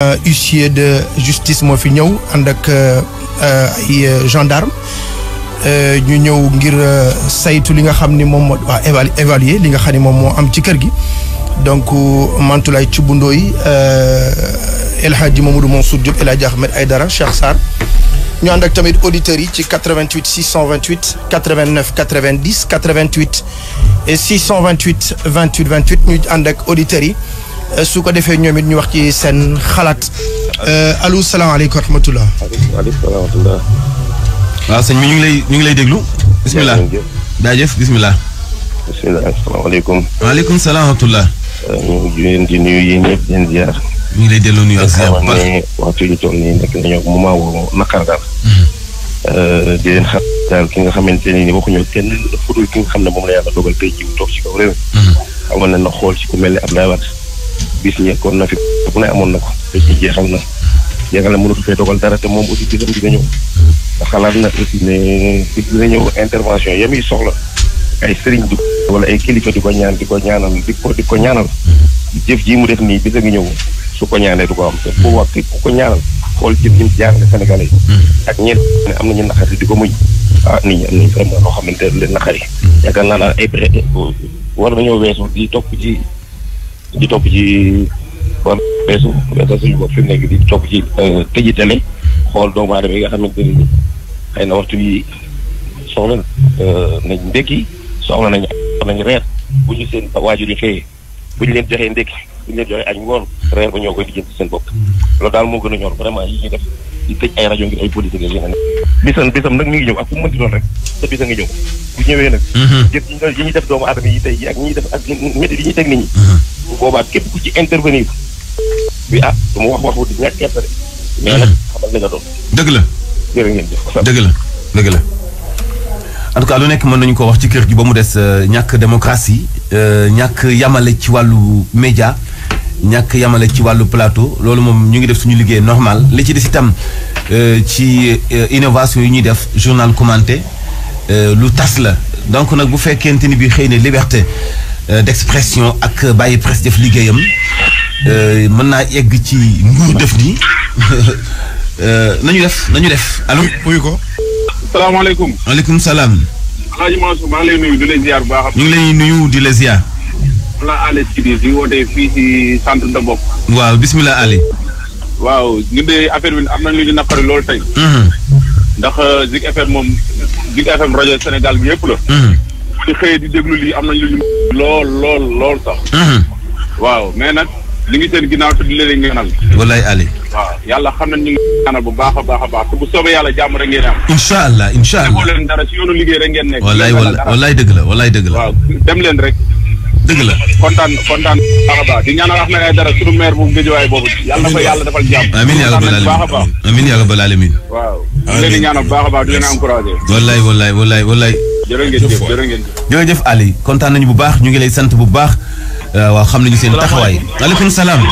Euh, huissier de justice moo fi ñëw ànd ak euh, ay euh, gendarme ñu ñëw ngir saytu li nga xam ni moom moo waa évaluer li nga xam ni moom moo am ci kër gi donc Mantoulaye Thioub Ndoye moom Hadji Mamadou Mansour Diop El Hadji Ahmed Aïdara Cheikh Sarr ñu ànd ak tamit auditeurs yi ci 88 628 89 90 88 et 628 28 28 ñu ànd ak auditeurs yi su ko defee ñoom it ñu wax ci seen xalaat euh, allo salaamaaleykum wa rahmatulah. waaleykum salaam wa rahmatulah. waaw sëñ ñu ngi lay ñu ngi lay déglu. bisimilah jaajëf bisimilah. bisimilah asalaamaaleykum. waaleykum salaam wa rahmatulah. Euh, ñu ngi leen di nuyu yéen ñëpp di leen ziar. ñu ngi lay delloo nuyu yu toll nii nekk nañu moment woo daal. Mhm. Euh, di leen xam daal ki nga xamante ne ni waxuñu kenn fudul ki nga xam ne moom la yàlla dogal tey jiw toog ci kaw réew mhm. amoon na na xool ci ku mel ne Abdoulaye Wade bis ñekkoon na fi bu ne amoon na ko te ci jeexal na yàlla mënatu fee dogal dara te moom aussi bisam na aussi ne bis dina ñëw intervention yi soxla ay sëriñ di wala ay di ko ñaan di ko ñaanal di di ko ñaanal jëf jii mu def nii bisa ngi ñëw su ko ñaanee ko am te bu wax ku ko ñaanal xool jëf ñi jaarale Sénégalais yi hmm. ko muñ ah nit ñi am nañu topp ci di topp ci war beesu beesal suñu bopp fi mu nekk di topp ci euh, tëji télé xool doomu adama yi nga xamante ni xëy na waxtu yi soxla euh, nañ ndékki soxla nañ nañ reer bu ñu seen waajur yi xëyee bu ñu leen joxee ndékki bu ñu leen joxee añ ngoon reer ba ñoo koy lijjanti seen bopp loolu daal moo gën a ñor vraiment yi ñuy def di ay rajo ngir ay politique ak yeneen bisam bisam nag mi ngi ñëw rek sa bisa nga ñëw bu ñëwee nag jëf mhm. yi ñuy def doomu aadama yi tey ji ak ñi ñuy def ak métti teg nit boobaa képp ku ci intervenir bi ah hmm. dëgg la. dëgg la dëgg la. en tout nekk mën nañu ko wax ci kër gi ba mu des euh, ñàkk démocratie euh, ñàkk yamale ci wàllu média ñàkk yamale ci wàllu plateau loolu moom ñu ngi def suñu liggéey normal li ci des itam euh, ci innovation yi ñuy def journal commenté lu tas la donc nag bu fekkente ni bi xëy na liberté Euh, d'expression ak bàyyi presse def liggéeyam euh, mën naa yegg ci nguur def nii euh, nañu def nañu def allo. uyu ko. salaamaaleykum. maaleykum salaam. Alaaji maa ngi lay nuyu di la ziar bu baax. ñu ngi lay nuyu di la ziar. man la Aliou Sidi di wootee de bopp. waaw bisimilah Ali. waaw ñu de affaire bi am nañu lu ñu naqari loolu tey. Mhm. ndax Zik moom Zik rajo Sénégal bi yëpp la. Mhm. su xëyee di lu lii am na lu ñu. lool lool lool sax. Mhm. waaw mais nag li ngi seen ginnaaw te di leen ñaanal. walaay Ali. waaw yàlla xam na ñu ngi ñaanal bu baax a baax a baax te bu soobee yàlla jàmm rek ngeen am. incha allah incha allah defoo leen dara si yoonu liggéey rek ngeen nekk. walaay walaay dëgg la walaay dëgg la. waaw dem leen rek. dëgg la kontaan kontaan baax a baax di ñaanal Ahmed Aïdara sunu maire bu Guédiawaye yàlla na yàlla defal jàmm. amiin yaa rabbal waaw. di leen di ñaanal baax a baax di leen encouragé. wallaay wallaay wallaay wallaay. jërëjëf jërëjëf Ali kontaan nañu bu baax ñu ngi lay sant bu baax. Euh, waaw xam nañu seen taxawaay. maaleykum salaam.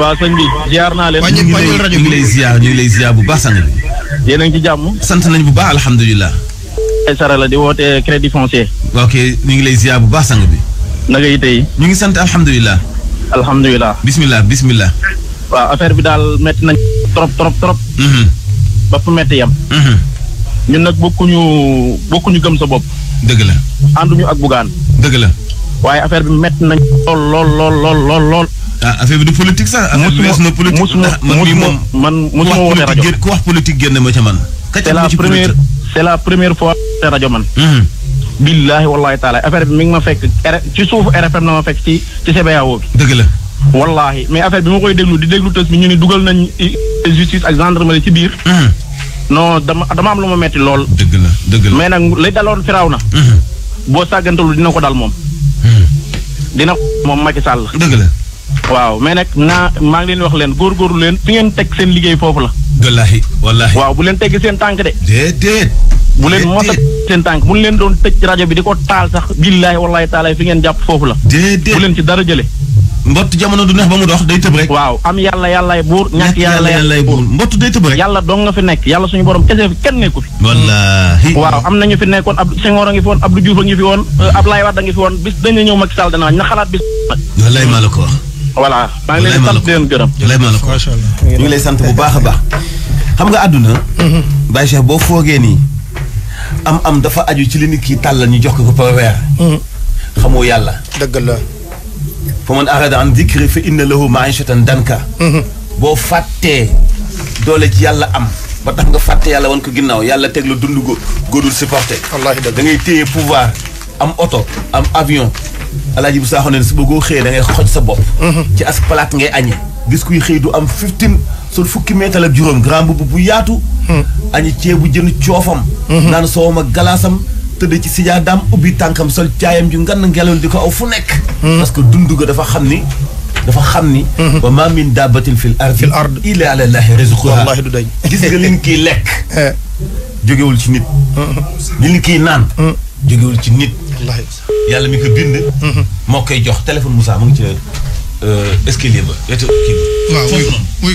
waaw sëñ bi ziar naa leen. ñu ngi lay ziar ñu ngi lay ziar bu baax sang bi. yéen a ngi ci jàmm. sant nañu bu baax alhamdulilah. ay sara di woote crédit foncier. ok ñu ngi lay ziar bu baax sang bi. naka yi tey. ñu ngi sant alhamdulilah. alhamdulilah. bismillah bismillah. waaw affaire bi daal métti nañ trop trop trop. Mhm. ba fu métti yam. Mhm. ñun nag bokkuñu bokkuñu gëm sa bopp. dëgg la. ànduñu ak bugaan. dëgg la. waaye affaire bi mett nañ lool lool lool lool lool lool. ah affaire bi du politique sax. mosuma mosuma mosuma man mosuma woote rajo ku wax politique génn ma ca man. c' est la première c' est la première fois te rajo man. Mhm. billaahi bi mi ngi ma fekk ci suufu RFM la ma fekk ci ci CBAO bi. dëgg mais affaire bi ma koy déglu di déglu tës bi ñu ne dugal nañ justice ak gendarmerie ci biir. Mhm. non dama dama am lu ma metti lool. dëgg la dëgg mais nag li daloon firaaw na. boo sàggantalu dina ko dal moom. dina moom Macky Sall. dëgg la. waaw mais nag naa maa ngi leen wax leen góorgóorlu leen fi ngeen teg seen liggéey foofu la. wallaahi wallaahi. waaw bu leen teggi seen tànk de. déedéet. bu leen mosat seen tànk mun leen doon tëj rajo bi di ko taal sax billaahi wallaahi taala fi ngeen jàpp foofu la. déedéet bu leen ci dara jëlee. mbott jamono du neex ba mu dox day tëb rek. waaw am yàlla yàllaay buur. ñàkk yàlla yàllaay buur mbott day tëb rek. yàlla dong nga fi nekk yàlla suñu borom kese kenn nekku fi. wallaahi. waaw am na ñu fi nekkoon ab Senghor a ngi fi woon Abdou Diouf a ngi fi woon euh, Ablaye a ngi fi woon bis dañu ñëw Macky Sall dana na xalaat bis. wallaay maa la ko wax. voilà la ko wax ñu ngi lay sant a baax. xam nga àdduna. Mhm. Baye Cheikh boo foogee nii am am dafa aju ci li nit kii tàllal ñu jox ko ko par weer mhm. xamoo yàlla la fa man arada an dikri fa inna lahu maishatan danka mhm. boo fàttee doole ci yàlla am ba tax nga fàtte yàlla wan ko ginnaaw yàlla teg la dund go góodul supporté da ngay téye pouvoir am oto am avion alaaji bu saaxo ne si bëggoo xëyee da xoj sa bopp mhm. ci as palaat ngay añe gis kuy xëy du am fifteen sol fukki meetal ak juróom grand mbubb bu yaatu mhm. añi ceebu jën coofam naan soowam ak galaasam tëdd ci sijaadaam ubbi tànkam sol caayam ju ngan ngelaw di ko aw fu nekk. Hmm. parce que dundu ga dafa xam ni. dafa xam ni. Hmm. wa ma min daabatin fil ard. fil ard illa ala llahi rizquha. lekk. Eh. jógewul ci nit. Hmm. liñ naan. jógewul ci nit. wallaahi yàlla mi ko bind. moo koy jox téléphone Moussa mu ci euh, escalier ba wetu kii bi. waaw wuy ko wuy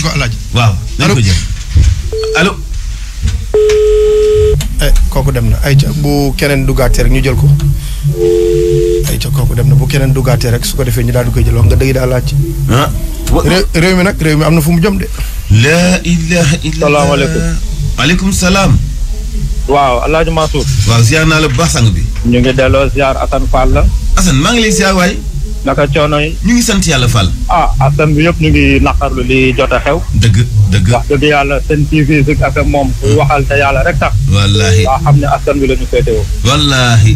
waaw nañ ko jël allo. eh kooku dem na ayca bu keneen duggaatee rek ñu jël ko ayca kooku dem na bu keneen duggaatee rek su ko defee ñu daal di koy jël wax nga dëgg daal laaj. ah. réew mi nag réew mi am na fu mu jëm de. la ilaha illallah salaamaaleykum. maaleykum salaam. waaw El Hadj naa la bu baax bi. ñu ngi delloo ziar Assane Fall la. Assane maa ngi lay ziar waay. naka coono yi. ñu ngi sant yàlla Fall. a ah, Assane bi yëpp ñu ngi naqarlu li jot a xew. dëgg. dëgg wax dëgg yàlla seen TV si affaire moom. kuy waxal te yàlla rek tax. wallaahi waa xam ne askan wi la ñu féetewoo. wallaahi.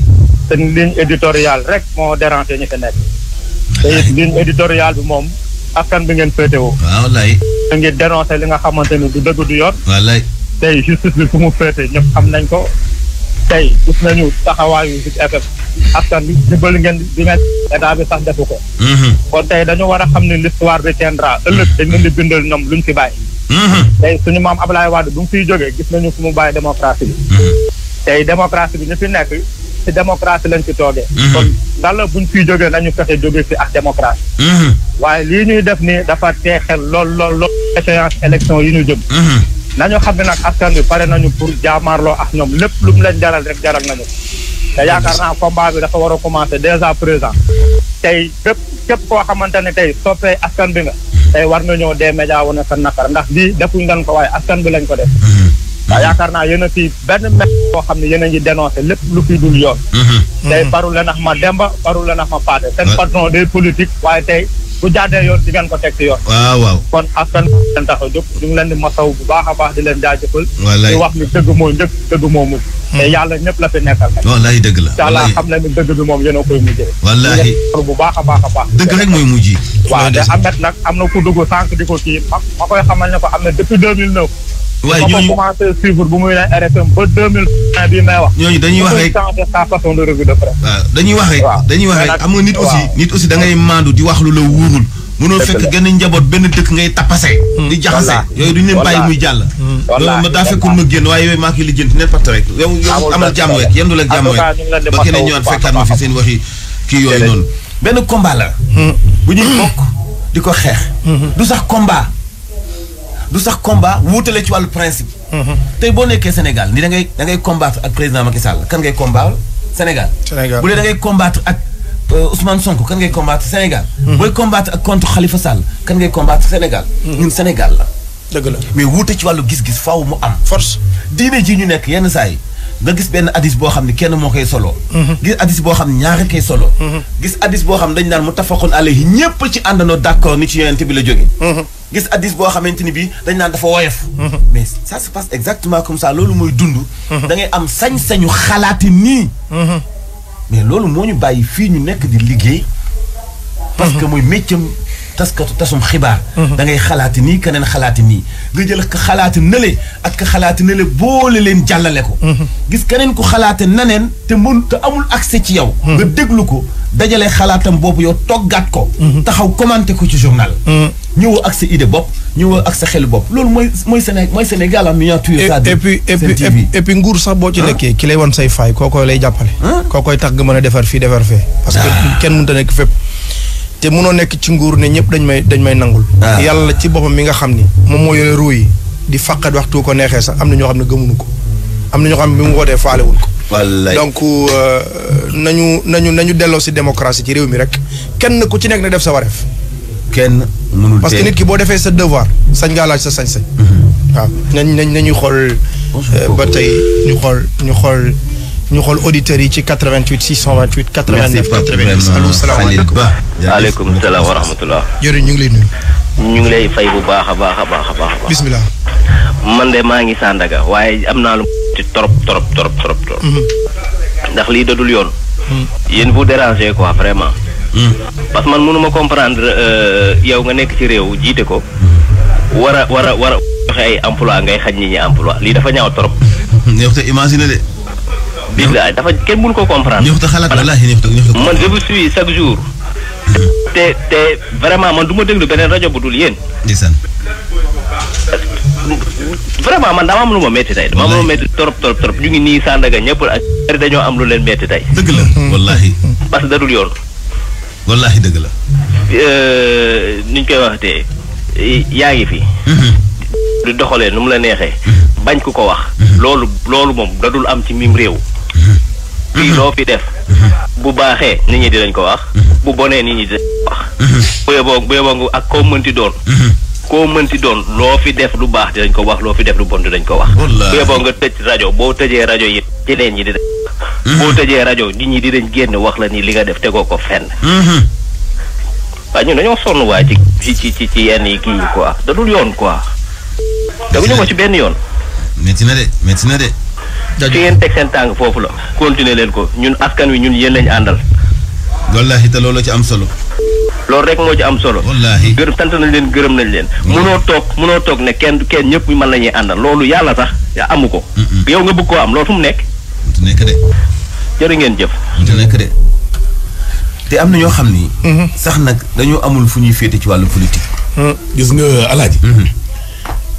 seen ligne éditoriale rek moo déranger ñu fi nekk. te it ligne bi moom askan bi ngeen féetewoo. waaw wallaahi. da ngeen dénoncer li nga xamante ni du dëgg du yoon. wallaahi. tey justice bi fu mu féete ñëpp xam nañ ko. tey gis nañu taxawaayu Zik FM askan bi dimbali ngeen di nga état bi sax defu ko. Mhm. kon tey dañu war a xam ne l'histoire retiendra ëllëg dañ leen di bindal ñoom luñ fi bàyyi. tey suñu maam Ablaye Wade bu mu fiy jógee gis nañu fu mu bàyyi démocratie bi. tey démocratie bi ñu fi nekk ci démocratie lañ fi toogee. Mhm. kon bu buñ fiy jógee nañu fexe jóge fi ak démocratie. Mhm. waaye lii ñuy def nii dafa teexel lool lool lool échéance élection yi ñu jëm. Mhm. nañu xam ne nag askan bi pare nañu pour jaamaarloo ak ñoom lépp lu mu leen jaral rek jaral nañu te yaakaar naa combat bi dafa war a commencer dès à présent. tey bépp képp koo xamante ne tey soppee askan bi nga. tey war nga ñëw des médias wane sa naqar ndax lii defuñ ngan ko waaye askan bi lañ ko def. Mhm. a yaakaar naa yéen a fi benn mét xam ne yéen a ngi dénoncé lépp lu fi dul yoon. Mhm. tey faru mhm. la nax ma Demba faru la nax ma Paate seen patron des politiques waaye tey. bu jaadee yoon di ngeen ko teg ci yoon. waaw waaw kon askan bi leen tax a jóg ñu ngi leen di masaw bu baax a baax di leen jaajëfal. wallaay di wax ni dëgg moo njëkk dëgg moo hmm. yàlla ñëpp la fi nekkal rek. wallaay dëgg la yàlla am na dëgg bi moom yéen a koy mujjee. wallaay bu baax a baax a baax. dëgg rek mooy mujj. waaw te Ameth nag am na ku dugg sànq di ko kii ma ma koy xamal ne ko am na depuis 2009. waaye ñooñu ma commencé wax. ñooñu dañuy wax rek sa façon dañuy wax rek. dañuy wax rek am nga nit aussi. nit aussi da ngay maandu di wax lu la wóorul. mënoo fekk genn njaboot benn dëkk ngay tapase. Hmm. di jaxase yooyu duñu leen bàyyi muy jàll. wallaahi ma daa fekkul ma génn waaye yooyu maa ngi lijjanti ne pat rek. yow yow amal jàmm rek yendu la jàmm rek ba keneen ñëwaat fekkaat ma fi seen waxi kii yooyu noonu. benn combat la. Hmm. bu ñuy bokk di ko xeex. Hmm. du sax combat. du sax combat wuutale ci wàllu principe. Mhm. tey boo nekkee Sénégal ni da ngay da ngay combattre ak président Macky Sall kan ngay combattre Sénégal. Sénégal bu dee da ngay combattre ak euh, kan ngay combattre Sénégal. Mhm. booy combattre ak contre Khalifa Sall kan ngay combattre Sénégal. Mhm. ñun Sénégal la. dëgg la mais wuute ci wàllu gis-gis faaw mu am. force diine ji ñu nekk yenn saa yi nga gis benn hadis boo xam ne kenn moo koy solo. gis hadis boo xam ne ñaari koy solo. gis hadis boo xam ne dañu naan mu tafaqoon alayhi ñëpp ci àndandoo d'accord ni ci gis addis boo xamante ni bii dañ naan dafa woyof. mais ça se passe exactement comme ça loolu mooy dund. da ngay am sañ-sañu xalaati nii. mais loolu moo ñu bàyyi fii ñu nekk di liggéey. parce que mooy métier taskatu tasum xibaar. da ngay xalaati nii keneen xalaati nii nga jël ka xalaati nële ak ka xalaati nële boole leen jàllale ko. gis keneen ku xalaate naneen te mën amul accès ci yow. nga déglu ko dajale xalaatam boobu yow toggaat ko. taxaw commenté ko ci ñëwoo ak sa idée bopp ñëwoo ak sa xel bopp loolu mooy mooy Séné mooy Sénégal am miniature. et puis et puis et nguur sax boo ci ah. nekkee. ki lay wan say faay kookooy lay jàppale. Ah. kookooy tax nga mën a defar fii defar fee. parce que ah. kenn mun ta nekk fépp. te mënoo nekk ci nguur ne ñëpp dañ may dañ may nangul. yàlla ci boppam mi nga xam ni. moom mooy yore ruu yi di fàqat waxtu ko neexee sax am na ñoo xam ne gëmuñu ko. am na ñoo xam ne bi mu wootee faalewul ko. donc euh, nañu nañu nañu delloo si démocratie ci réew mi rek kenn ku ci nekk na def sa wareef kenn mënul parce que nit ki boo defee sa devoir sañ ngaa laaj sa sañ-sañ. Mhm. waaw nañ na nañu xool. Euh, ba tey ñu xool ñu xool ñu xool auditeurs yi ci 88 628. 89 90 allo salaamaaleykum. waaleykum salaam wa rahmatulah. jërëjëf ñu ngi lay nuyu. ñu ngi lay fay bu baax a baax a baax a baax. bisimilah. man de maa ngi Sandaga waaye am naa lu ci trop trop trop trop. Mhm. ndax lii dadul yoon. Mhm. yéen vous dérangez quoi vraiment. parce que man mënuma comprendre euh, yow nga nekk ci réew jiite ko. war a war a war a joxe ay ngay xaj ñi ñi emploi lii dafa ñaaw trop. neex te imaginer de. bilaay dafa kenn mënu ko comprendre. neex te xalaat wallaahi neex te man je vous suis chaque mm-hmm. te te vraiment man du ma déglu beneen rajo bu dul yéen. ndeysaan. vraiment man dama am lu ma métti tey dama am lu ma métti trop trop trop nii Sandaga ñëpp dañoo am lu leen métti tey. dëgg la wallaahi. parce que da dul yoon. wallaahi dëgg la. Euh, niñ koy waxatee yaa ngi fi. Mhm. di doxalee nu mu la neexee. Mhm. bañ ku ko wax. Mhm. loolu loolu moom dadul am ci mim réew. fii loo fi def. bu baaxee nit ñi di dinañ ko wax. bu bonee nit ñi dinañ ko wax. bu yeboo bu yeboo ak koo mënti doon. koo mënti doon loo fi def lu baax di dinañ ko wax loo fi def lu bon dinañ ko wax. bu yeboo nga tëj rajo boo tëjee rajo yi yeneen ñi dinañ. Mm-hmm. boo tëjee rajo nit ñi dinañ génn wax la ni li nga def tegoo ko fenn. Mm-hmm. waaye ñun dañoo sonn waay ci ci ci ci yenn yi kii yi quoi da dul yoon quoi. teguñu ko ci benn yoon. métti na de métti na de. fi ngeen teg seen tàng foofu la. continuer leen ko ñun askan wi ñun yéen lañu àndal. wallaahi te loolu ci am solo. loolu rek moo ci am solo. wallaahi gërëm sant nañ leen gërëm nañ leen. mënoo mm-hmm. toog mënoo toog ne kenn kenn ñëpp mën la àndal loolu yàlla sax amu ko. yow nga bëgg koo am loolu mu nekk. mënta nekk de. jërë ngeen jëf. mënta nekk de te am na ñoo xam ni. Mhm. sax nag dañoo amul fu ñuy féete ci wàllu politique. Hmm. gis nga euh, alaaji mhm.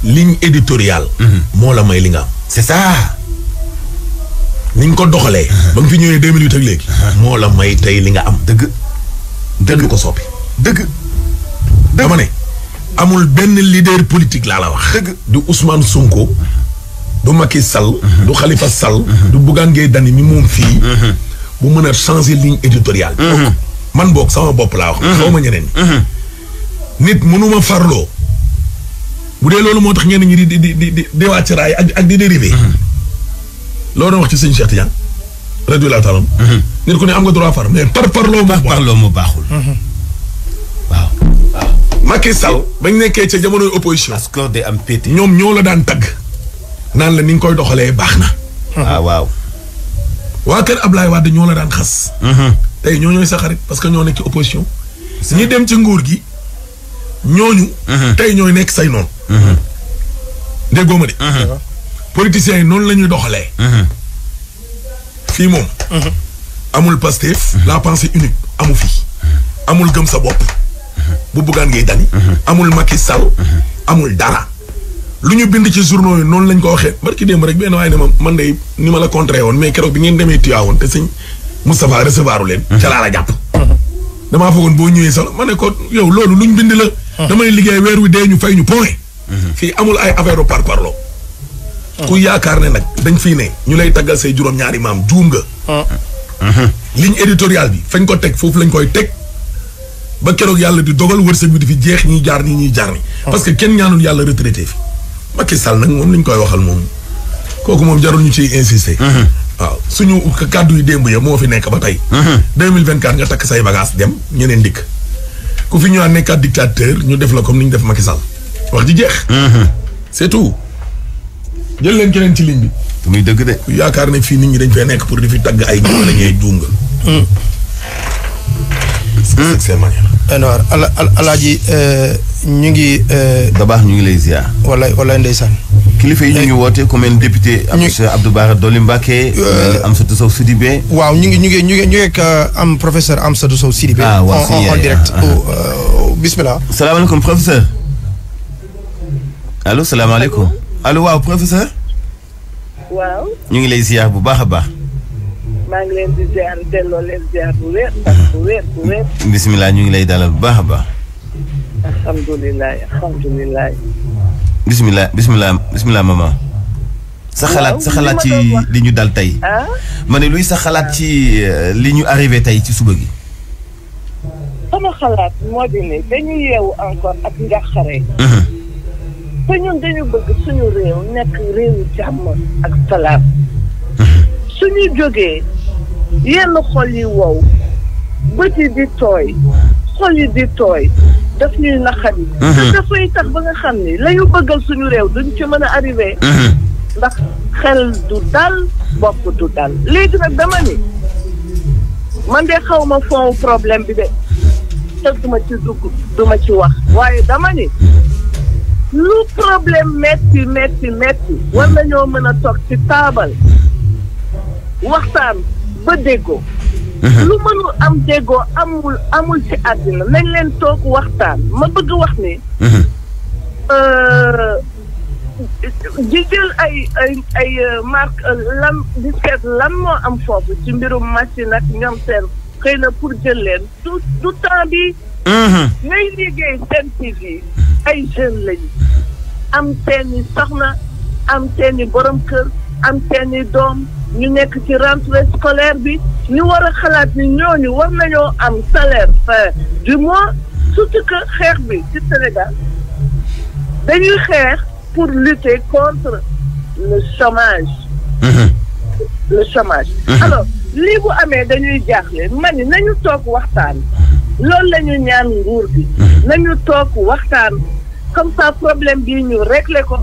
ligne éditoriale. Mhm. moo la may li nga am. c'est ça. ni nga ko doxalee. ba nga fi ñëwee deux minutes ak léegi. moo la may tey li nga am dëgg. dëgg du ko soppi. dëgg. dama ne amul benn leader politique laa la wax. dëgg du Ousmane Sonko. du Macky sal du xalifa sal du Bougane Gueye Dany mi moom fii. bu mën a changer ligne éditoriale. Mhm. man boo sama bopp laa wax. Mhm. xaw ma ñeneen ñi. Mhm. nit mënuma farloo. bu dee loolu moo tax ñenn ñi di di di di di wàcc raay ak ak di dérivé. loo doon wax ci sëñ Cheikh Tidiane. rajo la talam nit ku ne am nga droit far mais par parloo. par parloo mu baaxul. waaw. waaw Macky Sall bañ nekkee ca jamonoy opposition. parce que day am pété. ñoom ñoo la daan tagg. naan la ni nga koy doxalee baax na. waaw ah, ah, waaw. waa kër Ablaye Wade ñoo la daan xas. Mm-hmm. tey ñoo ñooy sa xarit parce que ñoo nekk ci si ñi dem ci nguur gi ñooñu. Mm-hmm. tey ñooy nekk say noonu. Mm-hmm. déggoo ma de. politiciens yi noonu lañuy doxalee. fii moom. amul Pastef. la pensée unique amu fi. amul gëm sa bopp. bu buggaan ngay dani. amul Macky Sall. amul dara. lu ñu bind ci journaux yi noonu lañ ko waxee barki démb rek benn waaye ne ma man de ni ma la contré woon mais keroog bi ngeen demee Tiwaawoon te sëñ Moustapha recevoiru leen. Mhm. ca laa la jàpp. damaa foogoon boo ñëwee solo ma ne ko yow loolu luñ bind la. Mhm. damay liggéey weer wi dee ñu fay ñu point. Mhm. fii amul ay affaire par parlo. ku yaakaar ne nag dañ fii ne ñu lay taggal say juróom-ñaari maam juum nga. ligne éditoriale bi fañ ko teg foofu lañ koy teg. ba keroog yàlla di dogal wërsëg bi fi jeex ñiy jaar nii ñiy jaar nii. parce kenn ñaanul yàlla retraité fi. Macky Sall nag moom li ñu koy waxal moom kooku moom jarul ñu ci insister. Mhm. waaw suñu kàddu yu démb ya moo fi nekk ba tey. Mhm. deux mille vingt quatre nga takk say bagage dem ñeneen dikk ku fi ñëwaat nekkaat dictateur ñu def la comme ni ñu def Macky Sall wax ji jeex. Mhm. c'est tout. jël leen keneen ci ligne bi. muy dëgg de. yaakaar ne fii nit ñi dañ fee nekk pour di fi tagg ay góor la ñuy juum. Mm. est-ce que c'est manière. alors ñu ngi. Euh, da baax ñu ngi lay ziar. wala wala ndeysaan. kilifa yi ñu ngi woote ku mel député. ñu monsieur Abdou Bara Dolly Mbacké. Euh, euh, Amsatou Sow Sidibé. waaw ñu ngi ñu ngi ñu ngi ñu am professeur Amsatou Sow Sidibé. ah si en direct ah, ah, ah. bismillah. salaamaaleykum professeur. allo salaamaaleykum. allo waaw professeur. ñu ngi lay ziar bu baax a baax. maa ngi bismillah ñu ngi lay dalal bu baax a baax. alhamdulilah alhamdulilah. bisimilah bisimilah bisimilah maman. sa xalaat sa xalaat ci li ñu dal tey. ma ne luy sa xalaat ci euh, li ñu arrivé tey ci suba gi. sama xalaat moo di ne dañu yeewu encore ak njàqare. te ñun dañu bëgg suñu réew nekk réewu jàmm ak salaam. suñu jógee yenn xol yi wow bët yi di tooy xol yi di tooy. daf ñuy naqari. Mhm. te dafay tax ba nga xam ne la ñu bëggal suñu réew duñ ci mën a arrivé. Mhm. ndax xel du dal bopp du dal léegi nag dama ni man de xaw ma fond problème bi de te du ci dugg duma ci wax waaye dama ni lu problème metti metti metti war nañoo mën a toog ci taabal waxtaan ba déggoo. lu mënul am déggoo amul amul ci àddina nañ leen toog waxtaan ma bëgg wax ni. Euh, di jël ay ay ay lam euh, euh, lan di moo am foofu ci mbirum machine ak ñoom seen xëy na pour jël leen du du temps bi. ngay liggéey seen TV ay jeunes lañu am seeni soxna am seeni borom kër am seeni doom ñu nekk ci rentrée scolaire bi. ñu war a xalaat ni ñooñu war nañoo am salaire fin du mois surtout que xeex bi ci Sénégal dañuy xeex pour lutter contre le chômage. Mm-hmm. le chômage. Mm-hmm. alors lii amee dañuy jaaxle man ni nañu toog waxtaan mm-hmm. loolu la ñu ñaan nguur gi toog waxtaan comme ça problème bii ñu réglé ko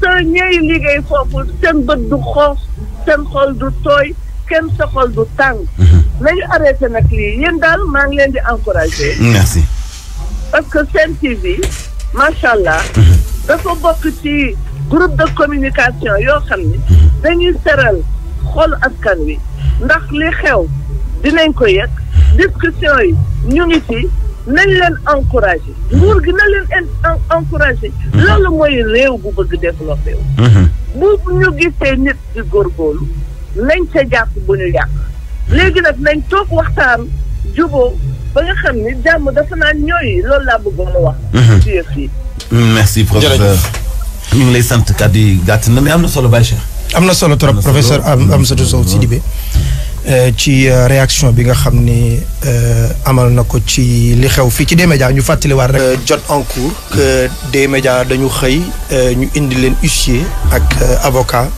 te ñooy liggéey foofu seen bët du xoox seen xol du tooy. kenn sa xol du tàng. Mhm. nañu arrêté nag lii yéen daal maa ngi leen di encouragé. merci. parce que Sen TV macha allah. Mhm. dafa bokk ci groupe de communication yoo xam ni. Mhm. dañuy seral xolu askan wi. ndax li xew dinañ ko yëg. discussion yi ñu ngi ci. nañ leen encouragé nguur gi na leen encouragé loolu mooy réew bu bëgg développé bu ñu gisee nit di góorgóorlu nañ ca jàpp bu ñu yàq léegi nag nañ toog waxtaan juboo ba nga xam ni jàmm dafa naan ñooy loolu laa bëggoon a wax. Mhm. ci yëf yi. merci professeur ñu ngi na mais am na solo Baye Cheikh. am na solo trop professeur mhm. Amsatou euh, ci euh, réaction bi nga xam ni euh, amal na ko ci li xew fii ci D-Média ñu fàttaliwaat rek. jot en cours que D-Média dañu xëy ñu indi leen huissier ak avocat.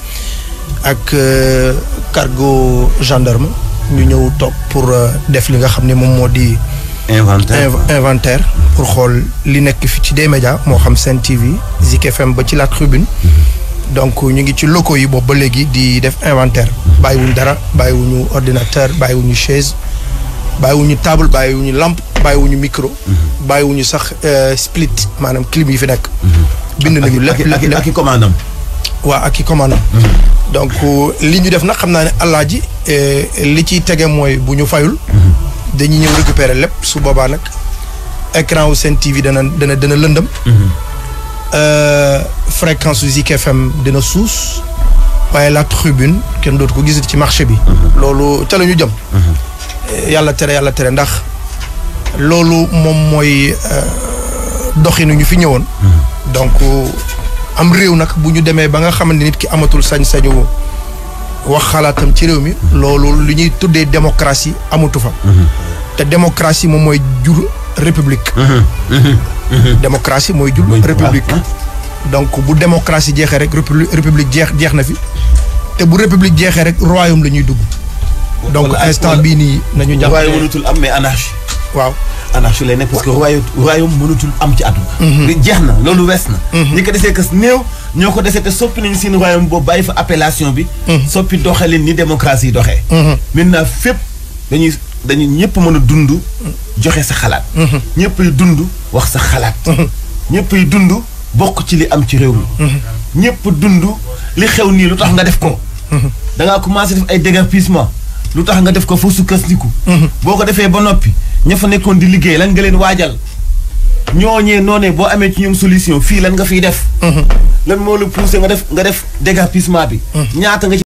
ak euh, cargo gendarme ñu ñëw toog pour euh, def li nga xam ne moom moo di. inventaire inventaire pour xool li nekk fi ci des médias moo xam Sen TV Zik FM ba ci la tribune. Mm-hmm. donc ñu ngi ci locaux yi boobu ba léegi di def inventaire. bàyyiwuñ dara bàyyiwuñu ordinateur bàyyiwuñu chaise bàyyiwuñu table bàyyiwuñu lampe bàyyiwuñu micro. Mm-hmm. bàyyiwuñu sax euh, split maanaam clim yi fi nekk. Mm-hmm. bind nañu lépp lépp ak i commande waa ak i commandant mm-hmm. donc li ñu def nag xam naa ne alaaji eh, li ciy tege mooy bu ñu fayul mm-hmm. dañuy ñëw récupérer lépp su boobaa nag ecran wu seen TV dana dana dana lëndëm mm-hmm. euh, fréquence u Zik dina suus waaye la tribune kenn dootu ko gisati ci marché bi loolu ca la ñu jëm yàlla tere yàlla tere ndax loolu moom mooy euh, doxinu ñu fi ñëwoon am réew nag bu ñu demee ba nga xamante nit ki amatul sañ-sañu wax xalaatam ci réew mi loolu li ñuy tuddee démocratie amatu fa mhm. te démocratie moom mooy jur république mhm. Mhm. démocratie mooy jur république donc bu démocratie jeexee rek république jeex jeex na fi te bu république jeexee rek royaume la ñuy dugg donc instant bii nii nañu jàpp waaye mënatul am mais waaw anarchie lay nekk parce que royaume mënatul am ci àdduna mhm. jeex na loolu wees na mhm. ñi ko desee kës néew ñoo ko desee te soppi nañu seen royaume boo bàyyi fa appellation bi mhm. soppi doxalin ni démocratie yi doxee maintenant fépp dañuy dañuy ñëpp mën a dund joxe sa xalaat ñëpp dund wax sa xalaat ñëpp dund bokk ci li am ci réew mi ñëpp dund li xew nii lu tax nga def ko da ngaa commencé def ay déguerpissement lu tax nga def ko fa sukkandiku. Mhm. boo ko defee ba noppi ña fa nekkoon di liggéey lan nga leen waajal. ñooñee noonee boo amee ci ñoom solution fii lan nga fiy def. Mhm. lan moo la poussé nga def nga def déguerpissement bi. Mhm. ñaata nga ci.